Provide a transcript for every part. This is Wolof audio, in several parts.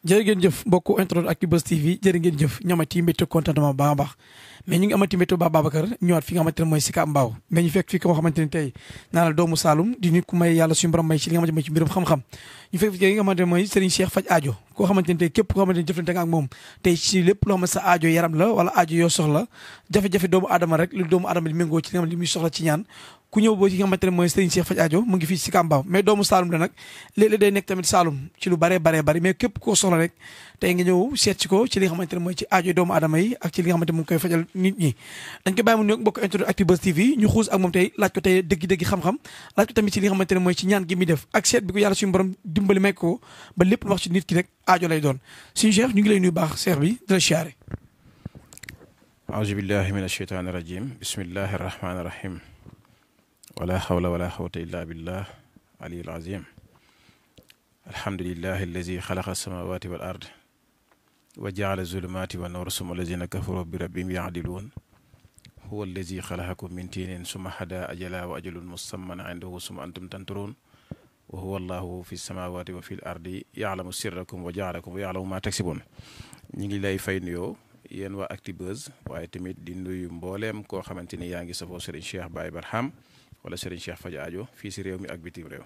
jërë ngeen jëf mbokku intro ak Actubuzz TV jërë ngeen jëf ñu amati mbéttu contentement baax a baax mais ñu ngi amati mbéttu baax fi nga xamante ne mooy Sicap Mbao mais ñu fekk fi ko xamante ne tey naa la doomu Saloum di nit ku may yàlla suñu borom may ci li nga xamante mooy ci faj aajo koo xamante ne tey képp koo xamante ne jëflante nga ak moom tey ci lépp loo xamante sa aajo yaram la wala aajo yoo soxla jafe-jafe doomu aadama rek lu doomu aadama di méngoo ci ñaan ku ñëw boo ci nga xamante mooy Serigne Cheikh faj aajo mu ngi fii ci Kambaaw mais doomu Saalum la nag léeg-léeg lu baree baree bari mais képp koo soxla rek tey nga ñëw seet ci ci li nga ne mooy ci aajo doomu aadama yi ak ci li nga xamante ne mu koy fajal nit ñi dañ ko bàyyi mu nuyoog mbokk internet Actubuzz TV ñu xuus ak moom tey laaj ko tey dëgg-dëgg mooy ci ñaan gi muy def ak seet bi dimbali may ko ba lépp lu wax nit ki rek aajo lay doon suñu Cheikh ñu ngi lay nuyu baax Cheikh bi di la siyaare auzu billahi min asheytaani rajim bismillahi rahmaani rahim wala xawla wala xawta illa billah aliyul azim alhamdulilahi allazi xalaqa alsamawati wal ard wa jaala zulumati wa noor suma allazina kafaru huwa allazi xalaqakum min tiinin suma hada ajala wa musamman indahu suma antum tanturuun wa huwa fi samawati wa fi l sirrakum wa jaalakum ma taksibun ñu ngi lay fay nuyoo yéen waa Actubuzz waaye tamit di nuyu mbooleem koo xamante ni yaa ngi safoo wala Serigne Cheikh faj fii si réew mi ak bitim réew.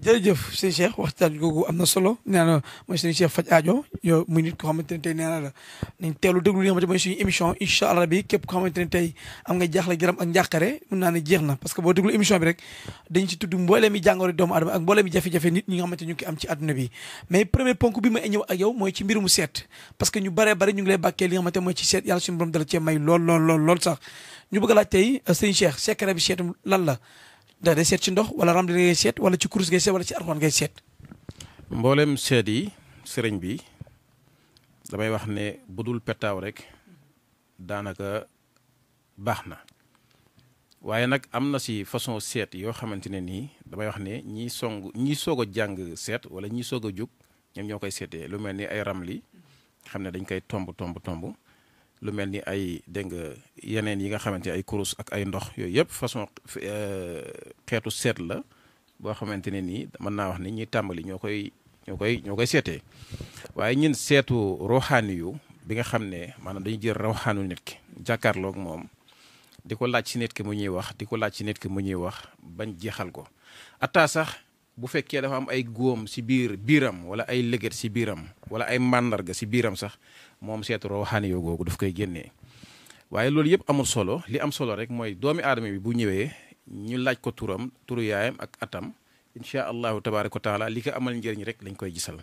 jërëjëf sëñ Cheikh waxtaan googu am na solo nee mooy sëñ Cheikh faj aajo yow nit ko xamante ne tey nee na la nañ teelu déglu li nga xamante mooy suñu émission incha allah bi képp ko xamante ne tey am nga jaaxle jaram ak njàqare mun naa ne jeex na parce que boo déglu émission bi rek dañ ci tudd mboolee mi doomu adama ak jafe-jafe nit ñi nga xamante ñu ngi am ci àdduna bi mais premier ponk bi ma ñëw ak yow mooy ci mbirum seet parce que ñu bare bare ñu ngi lay bàkkee li nga lool lool lool ñu bëgg a laaj tey euh, sëñ Cheikh secret bi seetu lan la da day seet ci ndox wala ramli ngay seet wala ci kurus ngay seet wala ci arxoon ngay seet. mboolem seet yi sëriñ bi damay wax ne budul dul rek daanaka baax na waaye nag am na si façon seet yoo xamante ne nii damay wax ne ñii song ñi soog a jàng seet wala ñi soog a jóg ñoom ñoo koy seetee lu mel ni ay ramli xam ne dañ koy tomb tomb tomb. lu mel ni ay dégg nga yeneen yi nga xamante ni ay kurus ak ay ndox yooyu yëpp façon euh, xeetu seet la boo xamante ne nii mën naa wax ni ñi tàmbali ñoo koy ñoo koy ñoo koy seetee waaye ñun seetu roxaani yu bi nga xam ne maanaam dañu jël roxaanu nit ki jàkkaarloog moom di ko laaj si nit ki mu ñuy wax di ko laaj ci nit ki mu ñuy wax bañ jeexal ko ataa sax bu fekkee dafa am ay góom si biir biiram wala ay lëgët si biiram wala ay màndarga si biiram sax moom seetu ruuxaani yoo googu daf koy génnee waaye loolu yëpp amul solo li am solo rek mooy doomi aadama bi bu ñëwee ñu laaj ko turam turu yaayam ak atam incha allahu tabaaraka wa taala li ko amal njëriñ rek lañ koy gisal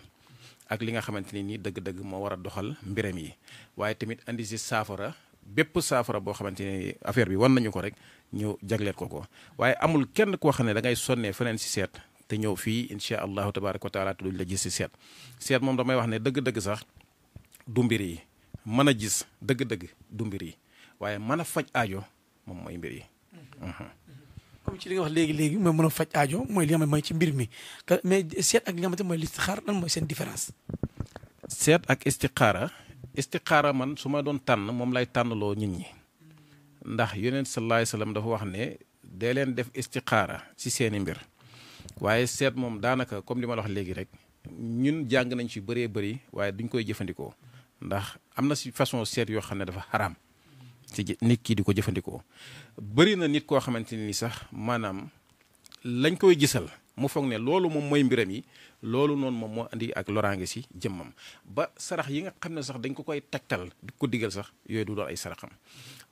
ak li nga xamante ne nii dëgg-dëgg moo war a doxal mbiram yi waaye tamit indi si saafara bépp saafara boo xamante ne affaire bi war nañu ko rek ñu jagleel ko ko waaye amul kenn koo xam ne da ngay sonnee feneen si seet te ñëw fii incha allahu tabaraka wa taala te duñ la gis si seet seet moom damay wax ne dëgg-dëgg sax du mbir yi mën a gis dëgg-dëgg du mbir yi waaye mën a faj ajo moom mooy mbir yi mhm. comme ci li wax léegi-léegi mooy mën a faj aajo mooy li nga mooy ci mbir mi mais seet ak li nga xamante mooy mooy seen différence seet ak istixaara istixaara man su ma doon tànn moom lay tànnloo nit ñi ndax yoneen sallallahu alayhi dafa wax ne dee leen def istixaara ci seeni mbir waaye seet moom daanaka comme li ma la wax léegi rek ñun jàng nañ ci bëree bëri waaye duñ koy jëfandikoo ndax am na si façon seet yoo xam ne dafa xaraam ci nit kii di ko jëfandikoo bëri na nit koo xamante ni sax maanaam lañ koy gisal mu foog ne loolu moom mooy mbiram yi loolu noonu moom moo indi ak loraange si jëmmam ba sarax yi nga xam ne sax dañ ko koy tegtal di ko digal sax yooyu du doon ay saraxam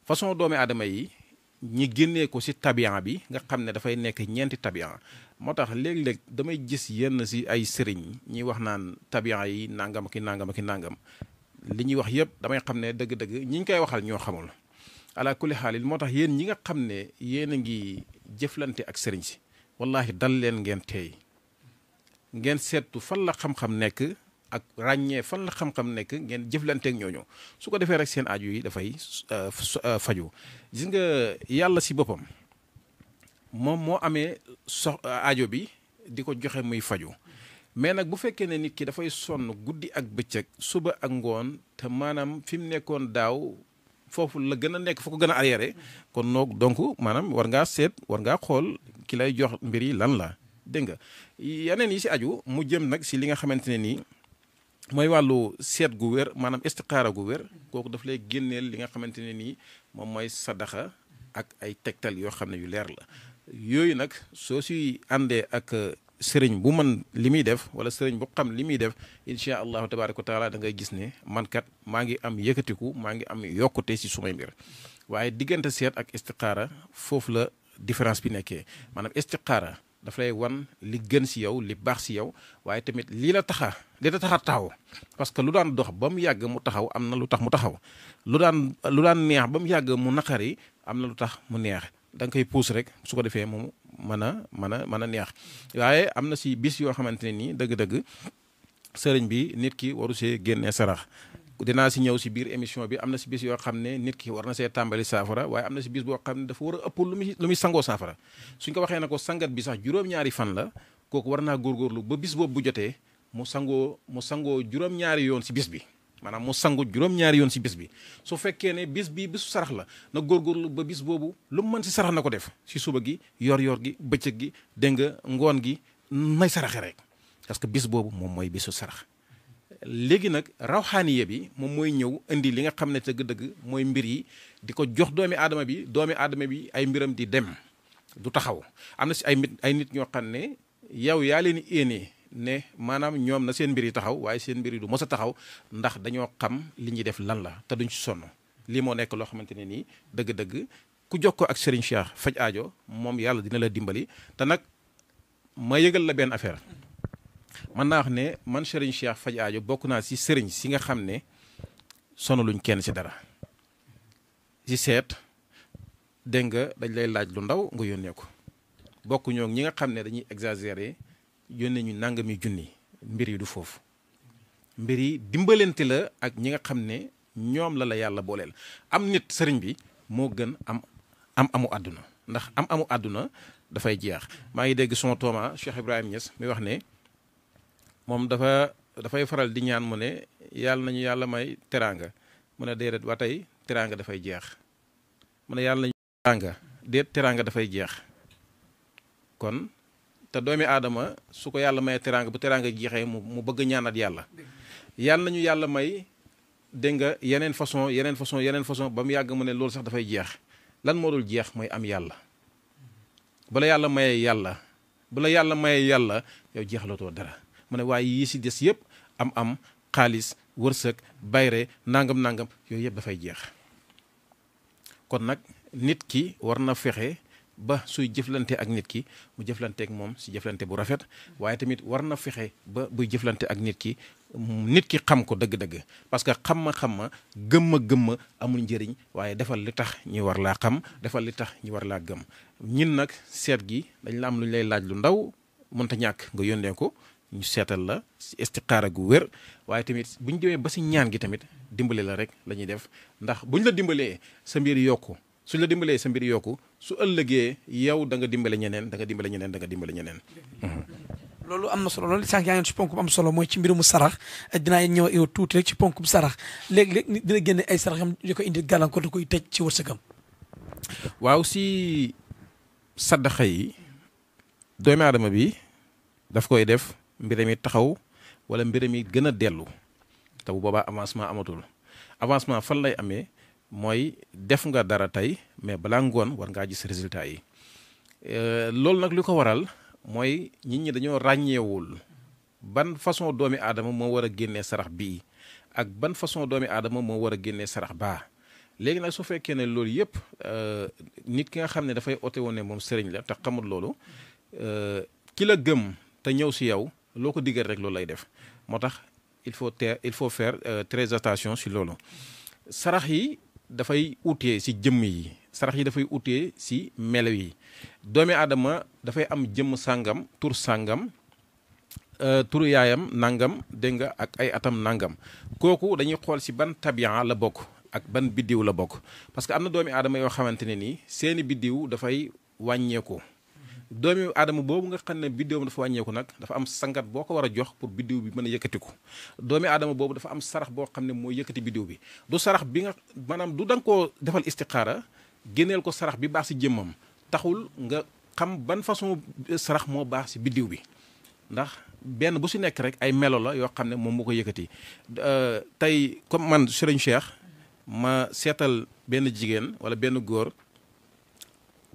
façon doomi aadama yi ñi génnee ko ci tabian bi nga xam ne dafay nekk ñeenti tabian moo tax léeg-léeg damay gis yenn ci ay sëriñ ñi wax naan tabian yi nangam ki nangam ki nangam li ñuy wax yëpp damay xam ne dëgg-dëgg ñi ñu koy waxal ñoo xamul ala kulli moo tax yéen ñi nga xam ne yéen a ngi jëflante ak sëriñ si wallaahi dal leen ngeen teey ngeen seetu fan la xam-xam nekk ak ràññee fan la xam-xam nekk ngeen jëflanteek ñooñu su ko defee rek seen aju yi dafay euh, euh, faju gis nga yàlla si boppam moom moo amee sox euh, ajo bi di ko joxe muy faju mais nag bu fekkee ne nit ki dafay sonn guddi ak bëccëg suba ak ngoon te maanaam fi mu nekkoon daaw foofu la gën a nekk fa ko gën a arriéré kon noo donc maanaam war ngaa seet war ngaa xool ki lay jox mbir yi lan la dégg yeneen yi si aju mu jëm nag si li nga xamante nii mooy wàllu seet gu wér maanaam istixaara gu wér kooku daf lay génneel li nga xamante ne nii moom mooy sadaxa ak ay tegtal yoo xam ne yu leer la yooyu nag soo si àndee ak sëriñ bu man li muy def wala sëriñ bu xam li muy def incha allahu tabaraka wa taala da ngay gis ne mankat kat maa ngi am yëkkatiku maa ngi am yokkute si sumay mbir waaye diggante seet ak istixaara foofu la différence bi nekkee maanaam istixaara daf lay wan li gën si yow li baax si yow waaye tamit lii la taxa li la taxa taxaw parce que lu daan dox ba mu yàgg mu taxaw am na lu tax mu taxaw lu daan lu daan neex ba mu yàgg mu naqari am na lu tax mu neex da nga koy puus rek su ko defee mu mën a mën a mën a neex waaye am na si bis yoo xamante ne nii dëgg-dëgg sëriñ bi nit ki waru see génnee sarax dinaa si ñëw si biir émission bi am na si bis yoo xam ne nit ki war na see tàmbali saafara waaye am na si bis xam ne dafa war a lu muy lu muy suñ ko waxee na ko sangat bi sax juróom fan la kooku war naa góorgóorlu ba bis boobu bu mu sangoo mu sangoo juróom-ñaari yoon si bis bi maanaam mu sangu juróom yoon si bis bi su fekkee ne bis bi bisu sarax la na góorgóorlu ba bis boobu lu mu mën si sarax na ko def si suba gi yor-yor gi bëccëg gi dégg nga ngoon gi nay saraxe rek parce que bis boobu moom mooy bisu sarax léegi nag rawxaaniye bi moom mooy ñëw indi li nga xam ne dëgg-dëgg mooy mbir yi di ko jox doomi aadama bi doomi aadama bi ay mbiram di dem du taxaw am na si ay ay nit ñoo xam ne yow yaa leen éenee ne maanaam ñoom na seen mbir yi taxaw waaye seen mbir yi du mos a taxaw ndax dañoo xam li ñuy def lan la te duñ si sonn lii moo nekk loo xamante ne nii dëgg-dëgg ku ko ak sëriñ Cheikh faj aajo moom yàlla dina la dimbali te nag ma yëgal la benn affaire man naa wax ne man Serigne Cheikh faj aajo bokk naa ci sëriñ si nga xam ne sonaluñ kenn si dara si seet dégg nga dañ lay laaj lu ndaw nga yónnee ko bokk ñi nga xam ne dañuy exagere yónnee ñu nangami junni mbir yi du foofu mbir yi dimbalante la ak ñi nga xam ne ñoom la la yàlla booleel am nit sëriñ bi moo gën am am amu àdduna ndax am amu àdduna dafay jeex maa ngi dégg son tooma Cheikh Ibrahima Niass mi wax ne moom dafa dafay faral di ñaan mu ne yàlla nañu yàlla may teraanga mu ne déedéet ba tey teraanga dafay jeex mu ne yàlla nañu teraanga déet teraanga dafay jeex kon te doomi aadama su ko yàlla mayee teraanga bu teraanga jeexee mu mu bëgg ñaanat yàlla yàlla nañu yàlla may dégg nga yeneen façon yeneen façon yeneen façon ba mu yàgg mu ne loolu sax dafay jeex lan moo dul jeex mooy am yàlla bu la yàlla mayee yàlla bu yàlla mayee yàlla yow jeexalatoo dara mu ne waaye yii si des yëpp am-am xaalis wërsëg bayre nangam nangam yooyu yëpp dafay jeex. kon nag nit ki war na fexe ba suy jëflante ak nit ki mu jëflanteek moom si jëflante bu rafet waaye tamit war na fexe ba buy jëflante ak nit ki nit ki xam ko dëgg-dëgg parce que xam ma xam ma gëmma gëmma amul njëriñ waaye defal li tax ñu war laa xam defal li tax ñu war laa gëm ñin nag seet gi dañ la am lu ñu lay laaj lu ndaw mënta ñàkk nga yónnee ko ñu seetal la si istixaara gu wér waaye tamit bu ñu demee ba si ñaan gi tamit dimbale la rek lañuy def ndax bu ñu la dimbalee sa mbir yokk suñ la dimbalee sa mbir yokku su ëllëgee yow da nga dimbale ñeneen da nga dimbale ñeneen da nga dimbale ñeneen. loolu am na solo loolu sànq yaa ngi ci ponk bu am solo mooy ci mbirum sarax yi ñëw yow tuuti rek ci ponk bu sarax léeg-léeg nit dina génne ay saraxam di ko indi gàllankoor da koy tëj ci wërsëgam. waaw si saddaxa yi doomu aadama bi daf koy def. mbiram yi taxaw wala mbiram yi gën a dellu taw boobaa avancement amatul avancement fan lay amee mooy def nga dara tey mais balaa ngoon war ngaa gis résultat yi euh, loolu nag li ko waral mooy nit ñi dañoo ràññeewul ban façon doomi aadama moo war a génnee sarax bii ak ban façon doomi aadama moo war a génnee sarax baa léegi nag su fekkee ne loolu yëpp euh, nit ki nga xam ne dafay ote woon ne moom sëriñ la te xamul loolu euh, ki la gëm te ñëw si yow loo ko digal rek loolu lay def moo tax il faut te il faut faire euh, très attention si loolu sarax yi dafay utee si jëmm yi sarax yi dafay utee si melo yi doomi aadama dafay am jëmm sàngam tur sàngam euh, turu yaayam nangam dégg nga ak ay atam nangam kooku dañuy xool si ban tabian la bokk ak ban biddiw la bokk parce que am na doomi aadama yoo xamante ne nii seeni biddiw dafay wàññeeku doomi aadama boobu nga xam ne biddiwam dafa wàññeeku nag dafa am sangat boo ko war a jox pour biddiw bi mën a yëkkatiku doomi aadama boobu dafa am sarax boo xam ne moo yëkkati biddiw bi du sarax bi nga maanaam du da koo defal istixaara génneel ko sarax bi baax si jëmmam taxul nga xam ban façon sarax moo baax si biddiw bi ndax benn bu si nekk rek ay melo la yoo xam ne moom moo ko yëkkati euh, tey comme man Serigne Cheikh ma seetal benn jigéen wala benn góor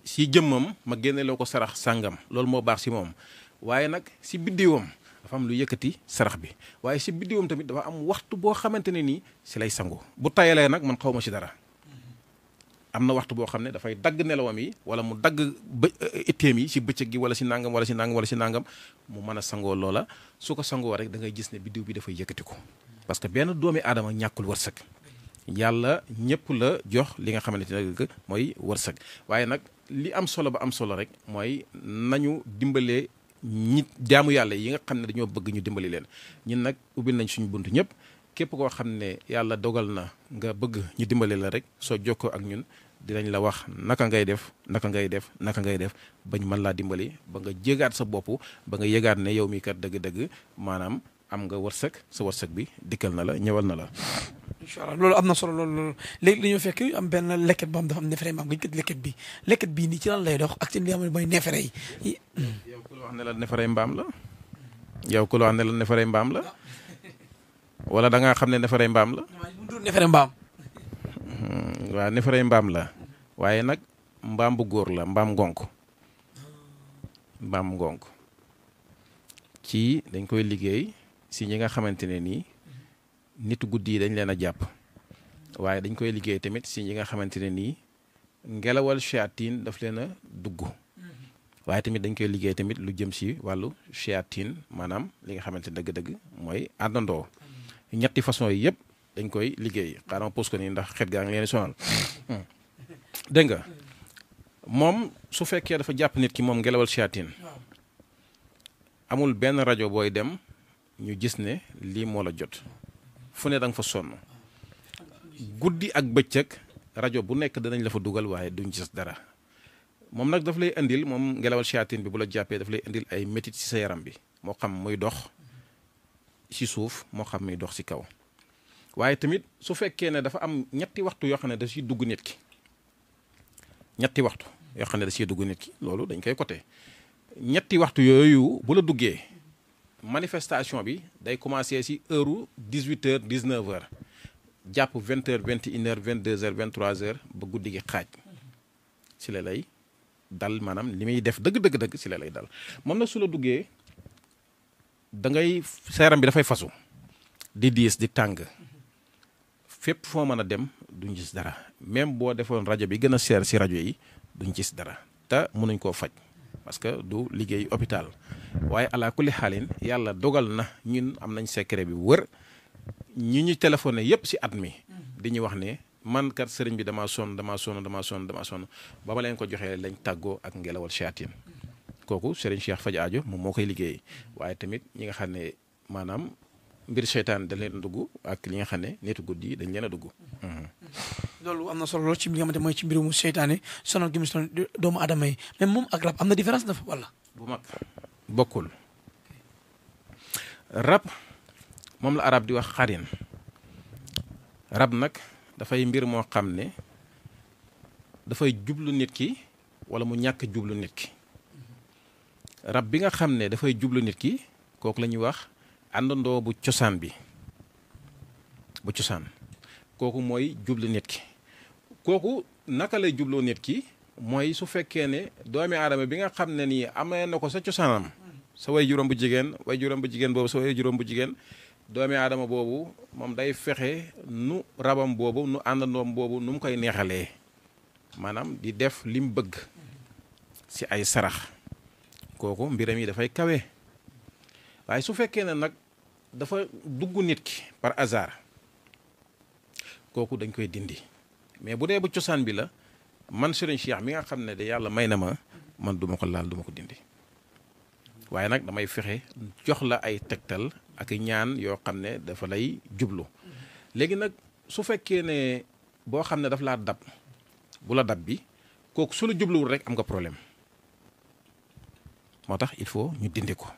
si jëmmam ma génne loo ko sarax sàngam loolu moo baax si moom waaye nag si biddiwam dafa am lu yëkkati sarax bi waaye si biddiwam tamit dafa am waxtu boo xamante ne nii si lay sangu bu tayalee nag man xaw ma si dara am na waxtu boo xam ne dafay dagg nelawam yi wala mu dagg ba e-, itteem yi si bëccëg gi wala si nangam wala si nangam wala si nangam mu mën a sangoo loola su ko sangoo rek da ngay gis ne biddiw bi dafay yëkkati ko parce que benn doomi aadama ñàkkul wërsëg yàlla ñëpp la jox li nga xamante ne mooy wërsëg waaye nag li am solo ba am solo rek mooy nañu dimbale ñi jaamu yàlla yi nga xam ne dañoo bëgg ñu dimbali leen ñun nag ubbil nañ suñu bunt ñëpp képp koo xam ne yàlla dogal na nga bëgg ñu dimbali la rek soo jox ko ak ñun dinañ la wax naka ngay def naka ngay def naka ngay def bañ mën laa dimbali ba nga jégaat sa bopp ba nga yëgaat ne yow mi kat dëgg-dëgg maanaam am nga wërsëg sa wërsëg bi dikkal na la ñëwal na la incha loolu am na solo loolu loolu léegi dañoo fekk am benn lekket boo xam dafa am neefere maam gëj bi lekket bii lay dox ak ci li nga xam ne mooy neefere mbaam la yow ko la wax ne la neefere mbaam la wala da ngaa xam ne neefere mbaam la. neefere mbaam. Hmm, waaw mbaam la waaye nag mbaam bu góor la mbaam ngonk mbaam ngonk ci dañ koy liggéey si ñi nga xamante ne nii. nit guddi yi dañ leen a jàpp waaye dañ koy liggéey tamit si ñi nga xamante ne nii ngelawal shayatin daf leen a dugg mm-hmm. waaye tamit dañ koy liggéey tamit lu jëm si wàllu shayatin maanaam li nga xamante ne dëgg-dëgg mooy àndandoo mm-hmm. ñetti façon yi yëpp dañ koy liggéey xaaral ndax xet gaa ngi mm-hmm. nga moom su fekkee dafa jàpp nit ki moom ngelawal shayatin amul benn rajo booy dem ñu gis ne lii moo la jot fu ne da nga fa sonn guddi ak bëccëg rajo bu nekk danañ la fa dugal waaye duñ gis dara moom nag daf lay indil moom ngelawal siyaatin bi bu la jàppee daf lay indil ay métit ci sa yaram bi moo xam muy dox ci suuf moo xam muy dox ci kaw waaye tamit su fekkee ne dafa am ñetti waxtu yoo xam ne da ciy dugg nit ki ñetti waxtu yoo xam ne da ciy dugg nit ki loolu dañ koy côté ñetti waxtu yooyu bu la duggee manifestation bi day commencé ci heure dix huit heures dix neuf jàpp vingt heures vingt et vingt deux heures vingt trois heures ba guddi gi xaaj ci la lay dal maanaam li muy def dëgg dëgg dëgg ci la lay dal moom na su la duggee da ngay seeram bi dafay fasu di diis di tàng fépp foo mën a dem duñ gis dara même boo defoon rajo bi gën a seer ci rajo yi duñ gis dara te mënuñ koo faj. parce que du liggéey hôpital waaye ala kulli xaalin yàlla dogal na ñun am nañ secret bi wër ñi ñu téléphoné yëpp si at mi di ñu wax ne man kat sëriñ bi damaa sonn damaa sonn dama sonn damaa sonn ba ma leen ko joxee lañ tàggoo ak ngelawal shayatin kooku sëriñ Cheikh faj aajo moom moo koy liggéey waaye tamit ñi nga xam ne maanaam mbir seytaan dañ leen dugg ak li nga xam ne nitu guddi dañ leen a dugg loolu am na solo ci li nga mooy ci mbirum seytaane sonal gi mu sonal doomu aadama yi mais moom ak rab am na différence dafa wala. bu mag bokkul rab moom la arab di wax xarin rab nag dafay mbir moo xam ne dafay jublu nit ki wala mu ñàkk jublu nit ki rab bi nga xam ne dafay jublu nit ki kooku la ñuy wax àndandoo bu cosaan bi bu cosaan kooku mooy jublu nit ki kooku naka lay jubloo nit ki mooy su fekkee ne doomi aadama bi nga xam ne nii amee na ko sa cosaanam sa way juróom bu jigéen way juróom bu jigéen boobu sa way juróom bu jigéen doomi aadama boobu moom day fexe nu rabam boobu nu àndandoom boobu nu mu koy neexalee maanaam di def li bëgg si ay sarax kooku mbiram yi dafay kawe waaye su fekkee ne nag dafa dugg nit ki par hasard kooku dañ koy dindi mais bu dee bu cosaan bi la man Serigne Cheikh mi nga xam ne da yàlla may na ma man duma ko laal duma ko dindi waaye nag damay fexe jox la ay tegtal ak ñaan yoo xam ne dafa lay jublu léegi nag su fekkee ne boo xam ne daf laa dab bu la dab bi kooku su la jubluwul rek am nga problème moo tax il faut ñu dindi ko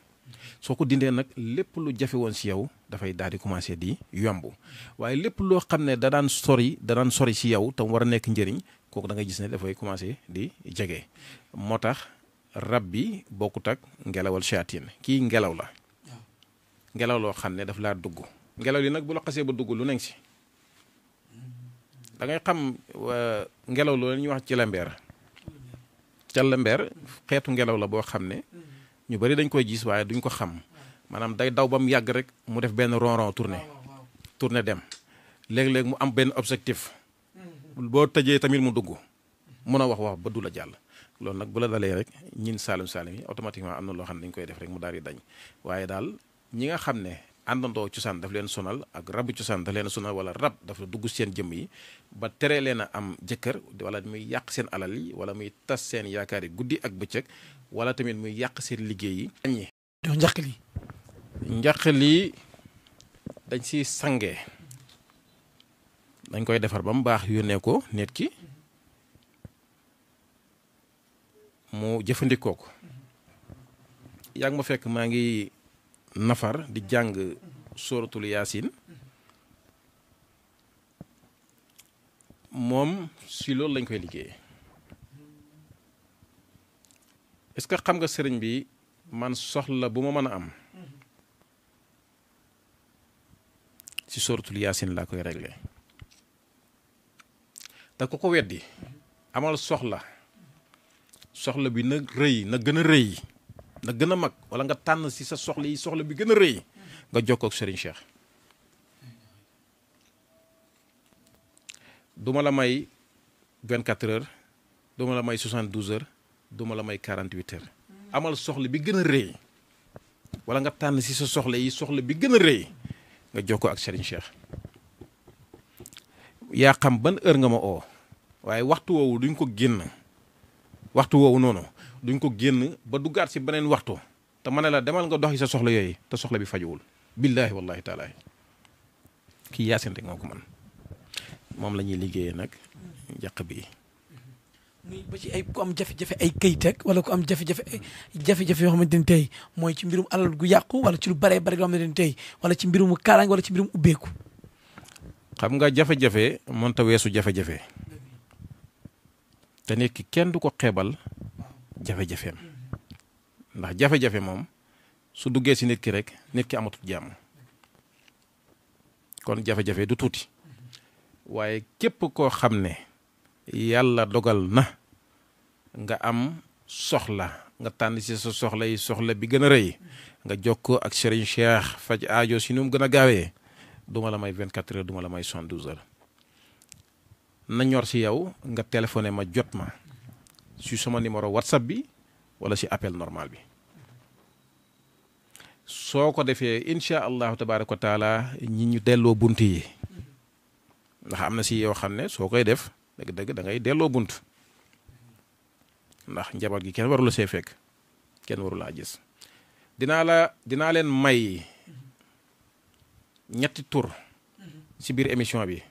soo ko dindee nag lépp lu jafe woon si yow dafay daal di commencé di yomb waaye lépp loo xam ne da daan sori da daan sori si yow tam war a nekk njëriñ kooku dangay gis ne dafay commencé di jege moo tax rab bi bokkut ak ngelawal shayatin kii ngelaw la ngelaw loo xam ne daf laa dugg ngelaw li nag bu la xasee ba dugg lu nekk ci da ngay xam euh, ngelaw loolu la ñuy wax ci lembeer ca lembeer xeetu ngelaw la boo xam ne ñu bari dañ koy gis waaye duñ ko xam maanaam day daw ba mu yàgg rek mu def benn ronron tourné ah, tourné dem léeg-léeg mu am benn objectif mhm. boo tëjee tamit mu dugg mun a wax wax ba du la jàll loolu nag bu la dalee rek ñin saalum saalum yi automatiquement am na loo xam ne dañ koy def rek mu daal yi dañ waaye daal ñi nga xam ne àndandoo cosaan daf leen sonal ak rabu cosaan daf leen sonal wala rab dafa dugg seen jëmm yi ba teree leen a am jëkkër wala muy yàq seen alal yi wala muy tas seen yaakaar yi guddi ak bëccëg wala tamit muy yàq seen liggéey yi. li njaq li dañ si sangee dañ koy defar ba mu baax yónnee ko nit ki mu jëfandikoo ko yaa ngi ma fekk maa ngi nafar di jàng sóoratul yaasin moom si loolu lañ koy liggéey est-ce que xam nga sëriñ bi man soxla bu ma mën a am si sooratul yaasin laa koy réglé te ko ko weddi amal soxla soxla bi na rëy na gën a rëy na gën a mag wala nga tànn si sa soxla yi soxla bi gën a rëy nga jokkoo ak sëriñ Cheikh duma la may 24 heures duma la may 72 heures duma la may 48 heures amal soxla bi gën a rëy wala nga tànn si sa soxla yi soxla bi gën a rëy nga jox ko ak Serigne Cheikh yaa xam ban heure nga ma oo waaye waxtu woowu duñ ko génn waxtu woowu noonu duñ ko génn ba du duggaat si beneen waxtu te ma ne la demal nga dox yi sa soxla yooyu te soxla bi fajuwul billaahi wallaahi taalaa kii yaasinte nga ko man moom lañuy liggéeyee nag jàq bi muy ba ci ay ku am jafe-jafe ay kayit ak wala ku am jafe-jafe jafe-jafe yoo xamante ni tey mooy ci mbirum alal gu yàqu wala ci lu baree bari loo xamante ni tey wala ci mbirum kaaraange ci mbirum ubbeeku. xam nga jafe-jafe mënta weesu jafe-jafe te nit kenn du ko xeebal jafe-jafeem ndax jafe moom su duggee si nit ki rek nit ki amatul jàmm kon jafe-jafe du tuuti waaye képp koo xam ne. yàlla dogal na nga am soxla nga tànn ci sa soxla yi soxla bi gën a rëy nga jokkoo ak Serigne Cheikh faj aajo si nu mu gën a gaawee du la may 24 heures du ma la may 72 na ñor si yow nga téléphoné ma jot ma si sama numéro WhatsApp bi wala si appel normal bi soo ko defee incha allahu tabaaraka wa taala ñi ñu delloo bunt yi ndax am na si yoo xam ne soo koy def. dëgg-dëgg dangay delloo bunt ndax njaboot gi kenn warula see fekk kenn warulaa gis dinaa la dinaa leen may ñetti tur ci biir émission bi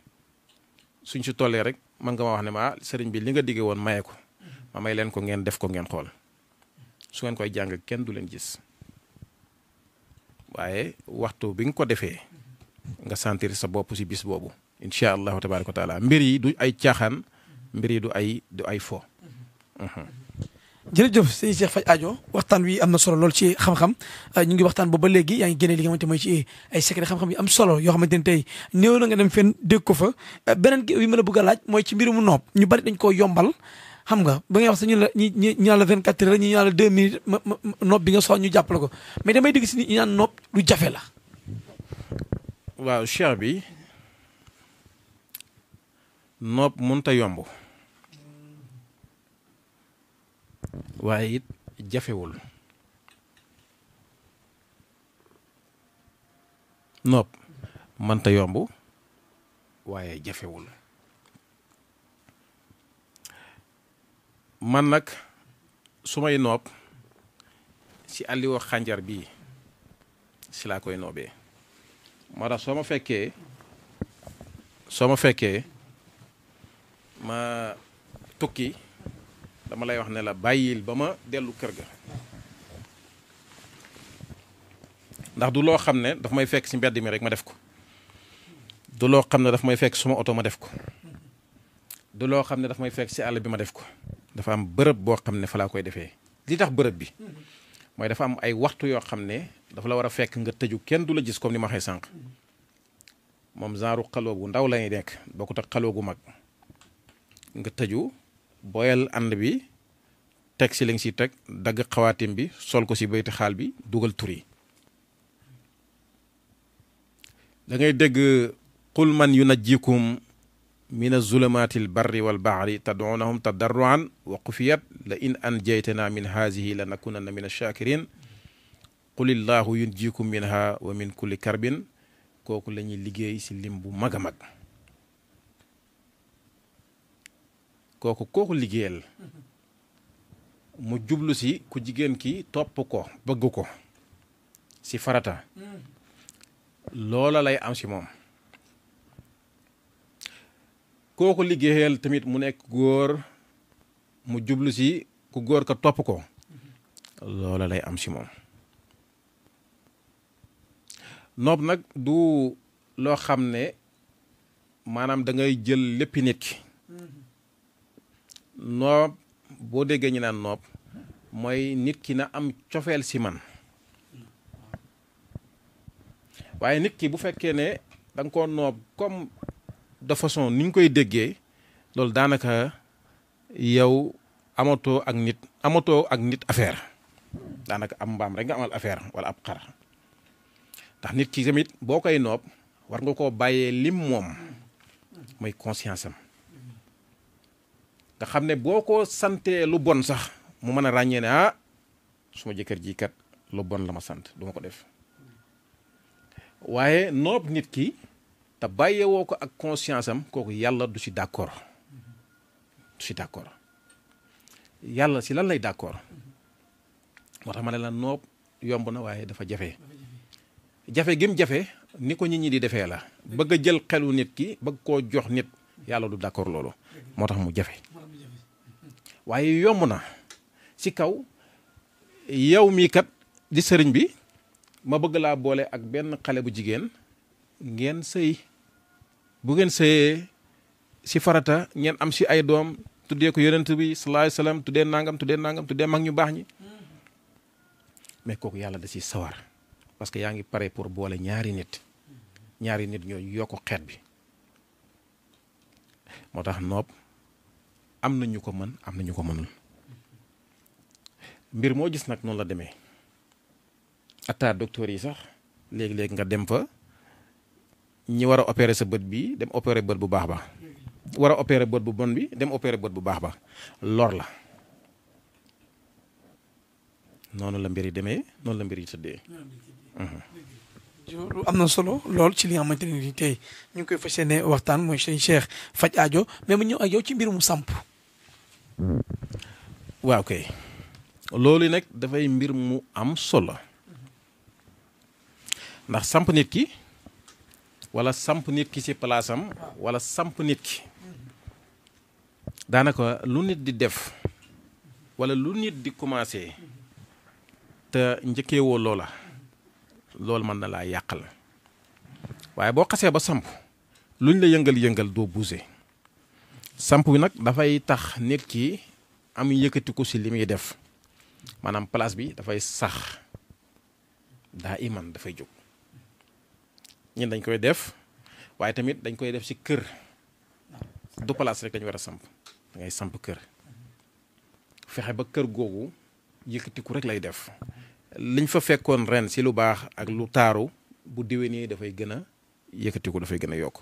suñ si tollee rek mën nga ma wax ne ma ah, sëriñ bi li nga digge woon maye ko ma may leen ko ngeen def ko ngeen xool su ngeen koy jàng kenn du leen gis waaye waxtu bi nga ko defee nga sentir sa bopp ci bis boobu incha allahu tabaraka wa taala mbir yi du ay caaxaan mbir yi du ay du ay fo. jërëjëf sëñ Cheikh Faj Aajo waxtaan wi am na solo lool ci xam-xam ñu ngi waxtaan boobu ba léegi yaa ngi génne li nga xamante mooy ci ay secret xam-xam yi am solo yoo xamante ne tey néew na nga dem fenn dégg ko fa beneen gi wi ma laaj mooy ci mbirum noob ñu bari dañ koo yombal xam nga ba ngay wax sax ñu la ñu ñu ñaan la 24 heures ñu ñaan la 2 ma ma noob bi nga soxla ñu jàppale ko mais damay dégg si ni ñaan noob lu jafe la. waaw Cheikh nopp mënut yomb waaye jafewul nopp mënta yomb waaye jafewul man nag su may nopp ci àlliwa xànjar bii si laa koy noobee moo tax soo ma fekkee soo ma fekkee ma tukki dama lay wax ne la bàyyil ba ma dellu kër ga ndax du loo xam ne daf may fekk ci mbedd mi rek ma def ko du loo xam ne daf may fekk suma oto ma def ko du loo xam ne daf may fekk si àll bi ma def ko dafa am bërëb boo xam ne fa laa koy defee li tax bërëb bi mooy dafa am ay waxtu yoo xam ne dafa la war a fekk nga tëju kenn du la gis comme ni ma waxee sànq moom genre xaloo bu ndaw la nekk nekk ko ak xaloo gu mag nga tëju boyal ànd bi teg si li nga si teg dagg xawaatim bi sol ko si bayti xaal bi dugal tur dangay da dégg qul man yunajjikum min azulamaati albarri walbaxri tadunahum tadarruan wa xufiyat la in anjaytana min hazihi la nakunanna min alchakirin qul illahu yunjikum minha wa min kulli karbin kooku lañuy liggéey si lim bu mag a mag kooku kooku liggéeyal mu jublu si ku jigéen ki topp ko bëgg ko si farata loola lay am si moom kooku liggéeyal tamit mu nekk góor mu jublu si ku góor ka topp ko loola lay am si moom noob nag du loo xam ne maanaam dangay jël léppi nit ki noob boo déggee ñu naan noob mooy nit ki na am cofeel si man waaye nit ki bu fekkee ne da nga koo noob comme de façon ni ñu koy déggee loolu daanaka yow amatoo ak nit amatoo ak nit affaire daanaka am mbaam rek nga amal affaire wala ab xar ndax nit ki tamit boo koy noob war nga koo bàyyee lim moom mooy conscience am te xam ne boo ko santee lu bon sax mu mën a ràññee ne ah suma jëkkër ji kat lu bon la ma sant duma ko def waaye noob nit ki te bàyyeewoo ko ak conscience am kooku yàlla du si d'accord du si d'accord yàlla si lan lay d'accord moo tax ma ne la noob yomb na waaye dafa jafe jafe gim jafe ni ko nit ñi di defee la bëgg jël xelu nit ki bëgg koo jox nit yàlla du d'accord loolu moo tax mu jafe waaye yomb na ci kaw yow mii kat di sëriñ bi ma bëgg laa boole ak benn xale bu jigéen ngeen sëy bu ngeen sëyee ci farata ngeen am ci ay doom tuddee ko yonent bi salaay salaam tuddee nangam tuddee nangam tuddee mag ñu baax ñi mais kooku yàlla da ciy sawar parce que yaa ngi pare pour boole ñaari nit ñaari nit ñooñu yokk xeet bi moo tax noob am na ñu ko mën am na ñu ko mënul mbir moo gis nag noonu la demee ataa docteur yi sax léegi-léegi nga dem fa ñi war a opérer sa bët bi dem opérer bët bu baax ba war a opérer bët bu bon bi dem opérer bët bu baax ba lor la noonu la mbir yi demee noonu la mbir yi tëddee. Mhm. am na solo lool ci li nga xamante ne nii tey ñu ngi koy fas yéene waxtaan mooy sëñ Cheikh faj ajo mais mu ñëw ak yow ci mu samp waaw kay loolu nag dafay mbir mu am solo ndax samp nit ki wala samp nit ki ci palaasam wala samp nit ki daanaka lu nit di def wala lu nit di commencé te njëkkeewoo loola loolu mën na laa yàq la waaye boo xasee ba samp luñ la yëngal yëngal doo buuse samp bi nag dafay tax nit ki am yëkkatiku si li muy def maanaam place bi dafay sax daa iman dafay jóg ñun dañ koy def waaye tamit dañ koy def si kër du place rek dañu war a samp da samp kër fexe ba kër googu yëkkatiku rek lay def liñ fa fekkoon ren si lu baax ak lu taaru bu déwénee dafay gën a yëkkatiku dafay gën a yokk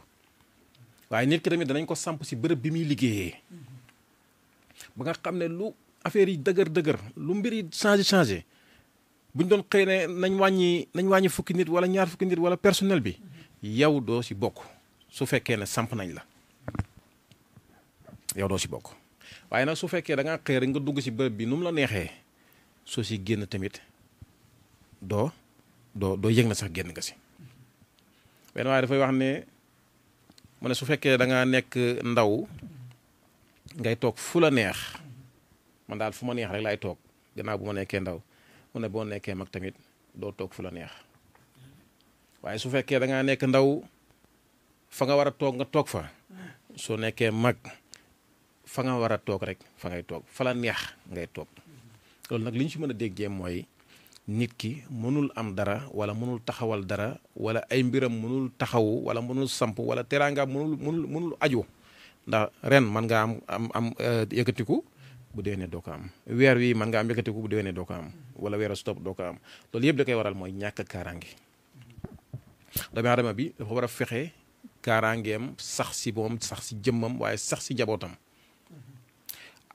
waaye nit ki tamit danañ ko samp si bërëb bi muy liggéeyee ba nga xam ne lu affaire yi dëgër dëgër lu mbir yi changé changé bu ñu doon xëy ne nañ wàññi nañ wàññi fukki nit wala ñaar fukki nit wala personnel bi yow doo si bokk su fekkee ne samp nañ la yow doo si bokk waaye nag su fekkee da ngaa xëy rek nga dugg si bërëb bi nu la neexee soo si génn tamit doo doo doo yëg na sax génn nga si. benn waaye dafay wax ne mu ne su fekkee da ngaa nekk ndaw. ngay toog fu la neex man daal fu ma neex rek laay toog gannaaw bu ma nekkee ndaw mu na boo nekkee mag tamit doo toog fu la neex waaye su fekkee da ngaa nekk ndaw fa nga war a toog nga toog fa soo nekkee mag fa nga war a toog rek fa ngay toog fa neex ngay toog loolu nag li ñu ci mën a déggee mooy nit ki mënul am dara wala mënul taxawal dara wala ay mbiram mënul taxawu wala mënul samp wala teraangaam mënul mënul mënul aju ndax ren mën nga am am am euh, yëkkatiku bu déwénee doo ko am weer wii man nga am yëkkatiku bu déwénee doo ko am wala weer su topp doo ko am loolu yëpp da waral mooy ñàkk kaaraange doomi aadama bi dafa war a fexe kaaraangeem sax si moom sax si jëmmam waaye sax si jabootam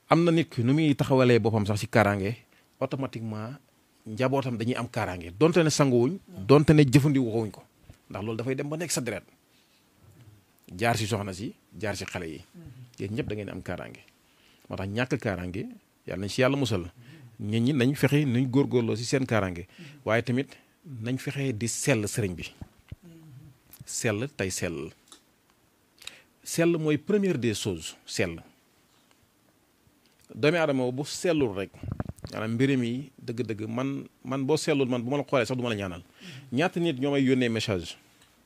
am na nit nu muy taxawalee boppam sax si kaaraange automatiquement njabootam dañuy am kaaraange donte ne sanguwuñ donte ne jëfandiku ko ndax loolu dafay dem ba nekk sa deret jaar si soxna si jaar si xale yi mhm. yéen ñëpp da ngeen am kaaraange moo tax ñàkk kaaraange yàlla nañ si yàlla musal ñit ñi nañ fexe nuñ góorgóorloo ci seen kaaraange mhm. waaye tamit nañ fexe di sell sëriñ bi mhm. sell tey sell sell mooy première des sos sell doomi aadama bu sellul rek maanaam mbirim yi dëgg-dëgg man man boo sellul man bu ma la xoolee sax du ma la ñaanal ñaata nit ñoo may yónnee message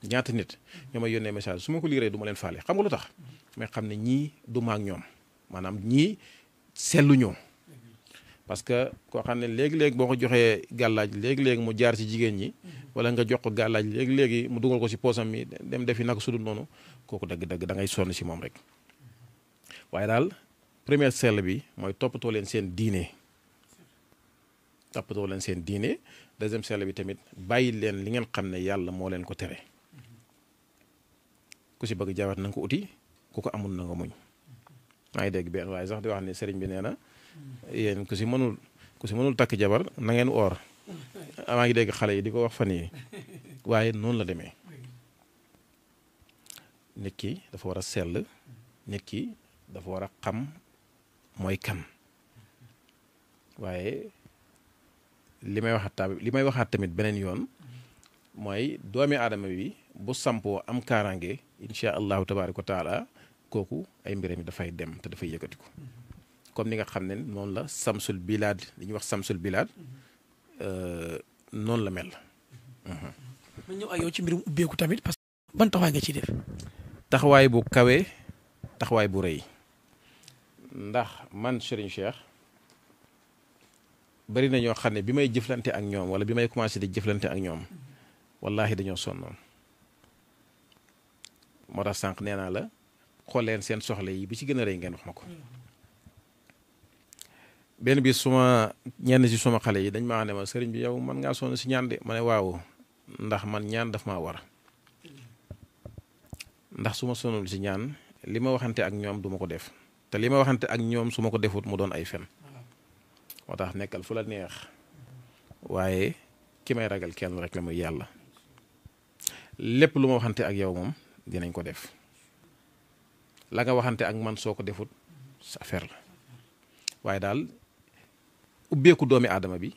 ñaata nit ñoo may yónnee message su ma ko liiree du ma leen faale xam nga lu tax mais xam ne ñii dumaak ñoom maanaam ñii seetlu ñoo parce que koo xam ne léegi-léegi boo ko joxee gàllaaj léegi-léegi mu jaar ci jigéen ñi wala nga jox ko gàllaaj léegi-léegi mu dugal ko ci poosam mi dem defi nag sudul noonu kooku dëgg-dëgg da ngay sonn ci moom rek waaye daal première selle bi mooy toppatoo leen seen diine toppatoo leen seen diine deuxième selle bi tamit bàyyi leen li ngeen xam ne yàlla moo leen ko tere ku si bëgg jabar na ko uti ku ko amul na nga muñ maa ngi dégg benn waaye sax di wax ne sëriñ bi nee na yéen ku si mënul ku si mënul takk jabar na ngeen oor ah, maa ngi dégg xale yi di ko wax fan yi waaye noonu la demee nit ki dafa war a sell nit ki dafa war a xam mooy kan waaye li may waxaat li may waxaat tamit beneen yoon mooy doomi aadama bi bu sampoo am kaaraange incha allahu tabaaraka wa kooku ay mbiram dafay dem te dafay yëkkati ko comme ni nga xam ne noonu la samsul bilaad li wax samsul bilaad euh, noonu la mel. ma ñëw ak yow ci mbirum ubbeeku tamit parce que ban taxawaay nga ciy def. taxawaay bu kawee taxawaay bu rëy ndax man Serigne Cheikh bari na ñoo xam ne bi may jëflante ak ñoom wala bi may commencé di jëflante ak ñoom wallaahi dañoo sonnoon. moo tax sànq nee naa la xool leen seen soxla yi bi ci gën a rëy ngeen wax ma ko. benn bi suma ñenn si suma xale yi dañ ma maa ne ma sëriñ bi yow man ngaa sonn si ñaan de ma ne waaw ndax man ñaan daf ma war ndax suma ma sonul ñaan li ma waxante ak ñoom duma ko def te li ma waxante ak ñoom su ma ko defut mu doon ay fen moo tax nekkal fu la neex waaye ki may ragal kenn rek la muy yàlla lépp lu ma waxante ak yow moom dinañ ko def la waxante ak man soo ko defut sa affaire la waaye daal ubbeeku doomi aadama bi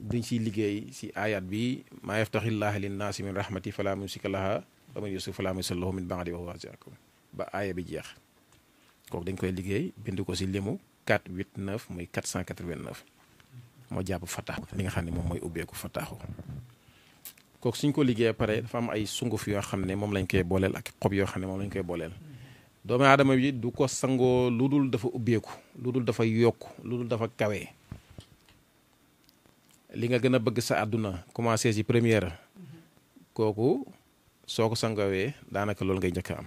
duñ siy liggéey si ayat bi maa yaftaxillaaha linnaasi min rahmati fala mumsika laha wa man yusuf fala mursil lahu min ba'di wa huwa ba aaya bi jeex kook dañ koy liggéey bind ko si limu 489 muy 489 moo jàpp fataaxu li nga xam ne moom mooy ubbeeku fataaxu kooku suñ ko liggéeyee pare dafa am ay sunguf yoo xam ne moom lañ koy booleel ak xob yoo xam ne moom lañ koy booleel doomu aadama bi du ko sangoo lu dul dafa ubbeeku lu dul dafa yokk lu dul dafa kawee li nga gën a bëgg sa àdduna commencé si première kooku soo ko sangawee daanaka loolu ngay njëkk am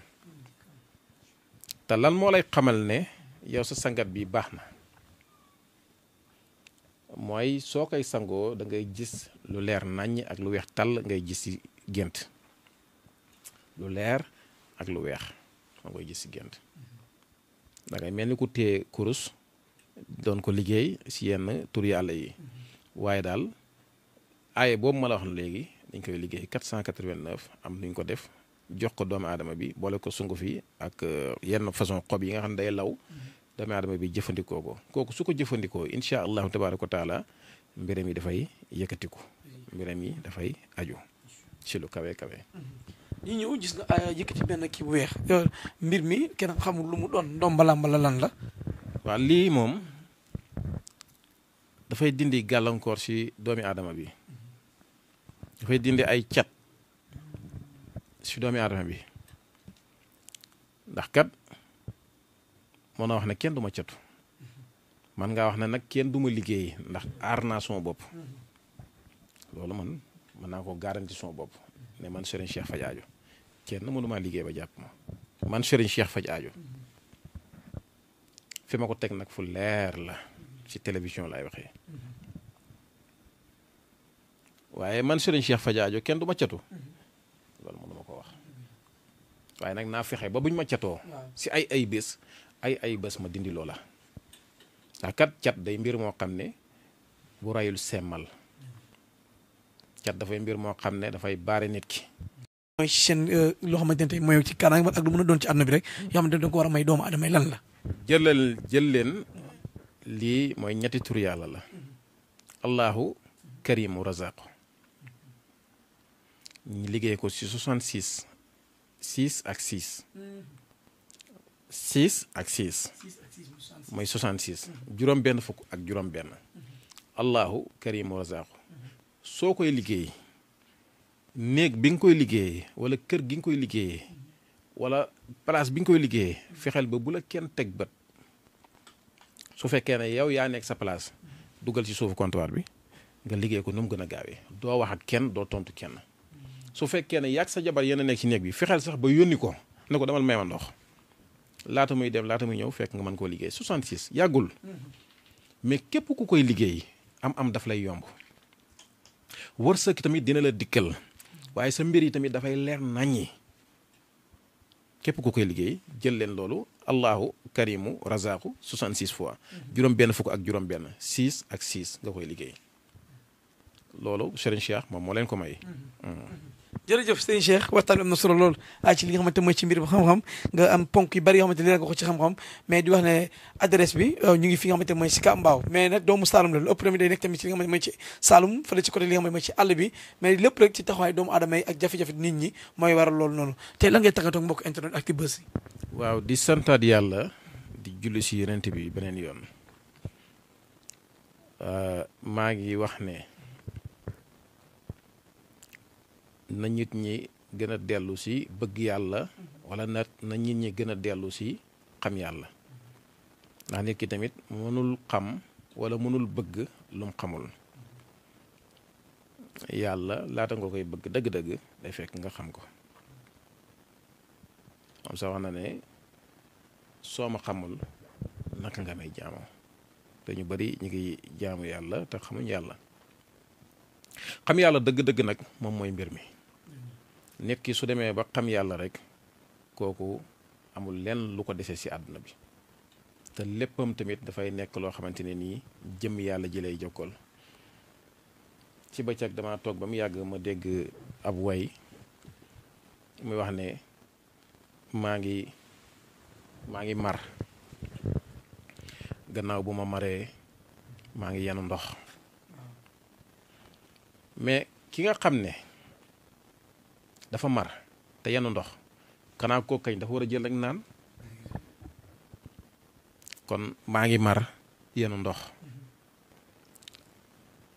te lan moo lay xamal ne yow sa sangat bi baax na mooy soo koy sangoo da ngay gis lu leer nàññ ak lu weex tàll ngay gis ci gént lu leer ak lu weex moo koy gis ci gént dangay mel ni ku téye kurus doon ko liggéey ci yenn tur yàlla yi waaye daal aaye boobu ma la wax léegi dañ koy liggéey 489 am nuñ ko def jox ko doomu aadama bi boole ko sunguf yi ak euh, yenn façon xob yi nga xam ne day law doomu aadama bi jëfandikoo ko kooku su ko jëfandikoo incha allahu tabaaraka wa taala mbiram yi dafay yëkkatiku mbiram yi dafay aju ci lu kawe kawe. Ah, mbir mi kenn xamul lu mu doon ndombalamba la lan la. waaw lii moom dafay dindi gàllankoor si doomi aadama bi dafay dindi ay cat si doomi aadama bi ndax kat mën naa wax na kenn du ma catu man ngaa wax ne nag kenn du ma liggéey ndax aar naa sama bopp loolu man mën naa ko garanti sama bopp ne man Serigne Cheikh faj aajo kenn mënumaa liggéey ba jàpp ma man Serigne Cheikh faj aajo fi ma ko teg nag fu leer la ci télévision laay waxee waaye man Serigne Cheikh faj kenn du ma catu ko wax waaye nag naa fexe ba buñ ma catoo si ay ay bés ay ay bés ma dindi la ndax kat cat day mbir moo xam ne bu rayul semmal cat dafay mbir moo xam ne dafay baare nit ki. mooy seen euh, loo xamante ne tey mooy ci kaaraange ak lu mën a doon ci àdduna bi rek yoo xamante ne da ko war a may doomu aadama yi lan la. jël leen lii mooy ñetti tur yàlla la. Allahu karimu razaqu ñu liggéey ko ci 66 6 ak 6. 6 ak 6 muy 66 juróom benn fukk ak juróom benn allahu karimu razaqu soo koy liggéey néeg bi nga koy liggéeyee wala kër gi nga koy liggéeyee wala place bi nga koy liggéeyee fexeel ba bu la kenn teg bat su fekkee ne yow yaa nekk sa place dugal ci suufu comptoir bi nga liggéey ko nu mu gën a gaawee doo wax ak kenn doo tontu kenn su fekkee ne yàgg sa jabar yéen a nekk ci néeg bi fexeel sax ba yónni ko ne ko demal may ma ndox laata muy dem laata muy ñëw fekk nga mën koo liggéey 66 yàggul mm-hmm. mais képp ku koy liggéey am am daf lay yomb wërsëg tamit dina la dikkal waaye sa mbir yi tamit dafay leer naññi képp ku koy liggéey jël leen loolu allahu karimu razaaku 66 fois mm-hmm. juróom benn fukk ak juróom benn 6 ak 6 nga koy liggéey loolu Serigne Cheikh moom moo leen ko may mm-hmm. Mm. jërëjëf sëñ Cheikh waxtaan am na solo lool ci li nga xamante mooy ci mbir bu xam-xam nga am ponk yi bari yoo xamante li nga ko ci mais di wax ne adresse bi euh, ñu ngi fi nga xamante mooy si Ka Mbaaw mais na doomu Saalum la lu ëpp tamit day nekk tamit ci li nga xamante mooy ci Saalum fële ci côté li nga xamante mooy ci àll bi mais lépp rek ci taxawaay doomu aadama yi ak jafe-jafe nit ñi mooy waral loolu noonu te lan ngay tàggatoo mbokk internet ak ci bës yi waaw di santaat yàlla di julli si yonent bi beneen yoon euh, maa ngi wax ne na nit ñi gën a dellu si bëgg yàlla wala na na nit ñi gën a dellu si xam yàlla ndax nit ki tamit mënul xam wala mënul bëgg lu xamul yàlla laata nga koy bëgg dëgg-dëgg day fekk nga xam ko am sa wax na ne soo ma xamul naka nga may jaamu te ñu bari ñu ngi jaamu yàlla te xamuñ yàlla xam yàlla dëgg-dëgg nag moom mooy mbir mi nit ki su demee ba xam yàlla rek kooku amul lenn lu ko desee ci àdduna bi te léppam tamit dafay nekk loo xamante ne nii jëm yàlla ji lay jokkal ci bëccëg dama toog ba mu yàgg ma dégg ab way muy wax ne maa ngi maa ngi mar gannaaw bu ma maree maa ngi yenn ndox mais ki nga xam ne dafa mar te yenu ndox xanaa koo kañ dafa war a jël rek naan kon maa ngi mar yenu ndox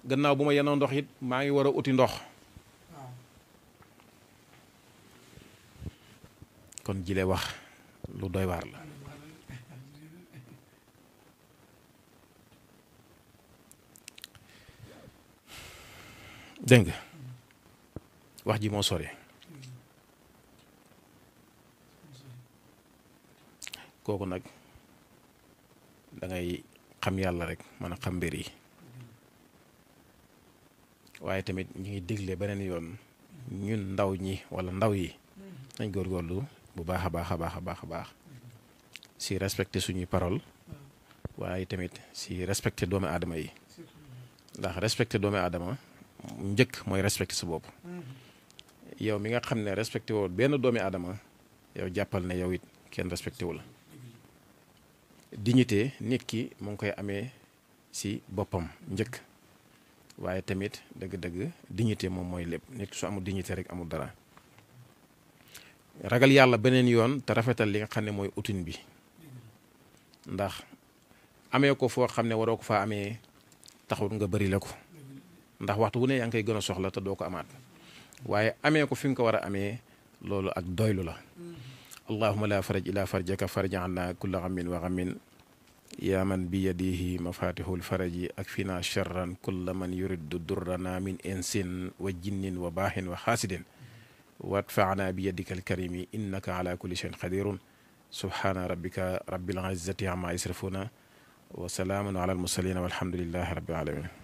gannaaw bu ma yenoo ndox it maa ngi war a uti ndox kon jile wax lu doy waar la dégg nga wax ji moo sore kooku nag dangay xam yàlla rek mën a xam mbir yi waaye tamit ñu ngi digle beneen yoon ñun ndaw ñi wala ndaw yi nañ góorgóorlu bu baax a baax a baax a baax a baax si respecté suñuy parole waaye tamit si respecté doomi aadama yi ndax respecté doomi aadama njëkk mooy respecté sa bopp yow mi nga xam ne respecté woo benn doomi aadama yow jàppal ne yow it kenn respecté wu dignité nit ki mu ngi koy amee si boppam njëkk waaye tamit dëgg-dëgg dignité moom mooy lépp nit ki su amul dignité rek amul dara ragal yàlla beneen yoon te rafetal li nga xam ne mooy utin bi ndax amee ko foo xam ne waroo ko faa amee taxul nga bëri la ko ndax waxtu wu ne yaa ngi koy gën a soxla te doo ko amaat waaye amee ko fi nga ko war a amee loolu ak doylu la mm-hmm. allahuma la faraj ila farjaka farj anna kulla xamin wa xamin yaa man bi yadihi mafatihul faraji ak fina charran kulla man yuriddu durrana min insin wa jinnin wa baaxin wa xaasidin wadfaana bi yadika alkarimi innaka ala kulli cheyin qadirun subhaana rabbika rabbil izzati amma yasrifuna wa salaamun ala almursalina walhamdulillahi rabbil alamin